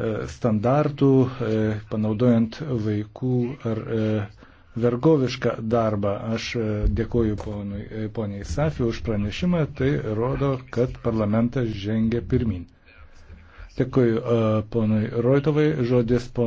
standartų, e, panaudojant vaikų ar e, vergovišką darbą. Aš e, dėkoju ponui, poniai Safi už pranešimą, tai rodo, kad parlamentas žengia pirmin. Dėkoju ponui Roitovai, žodis ponui.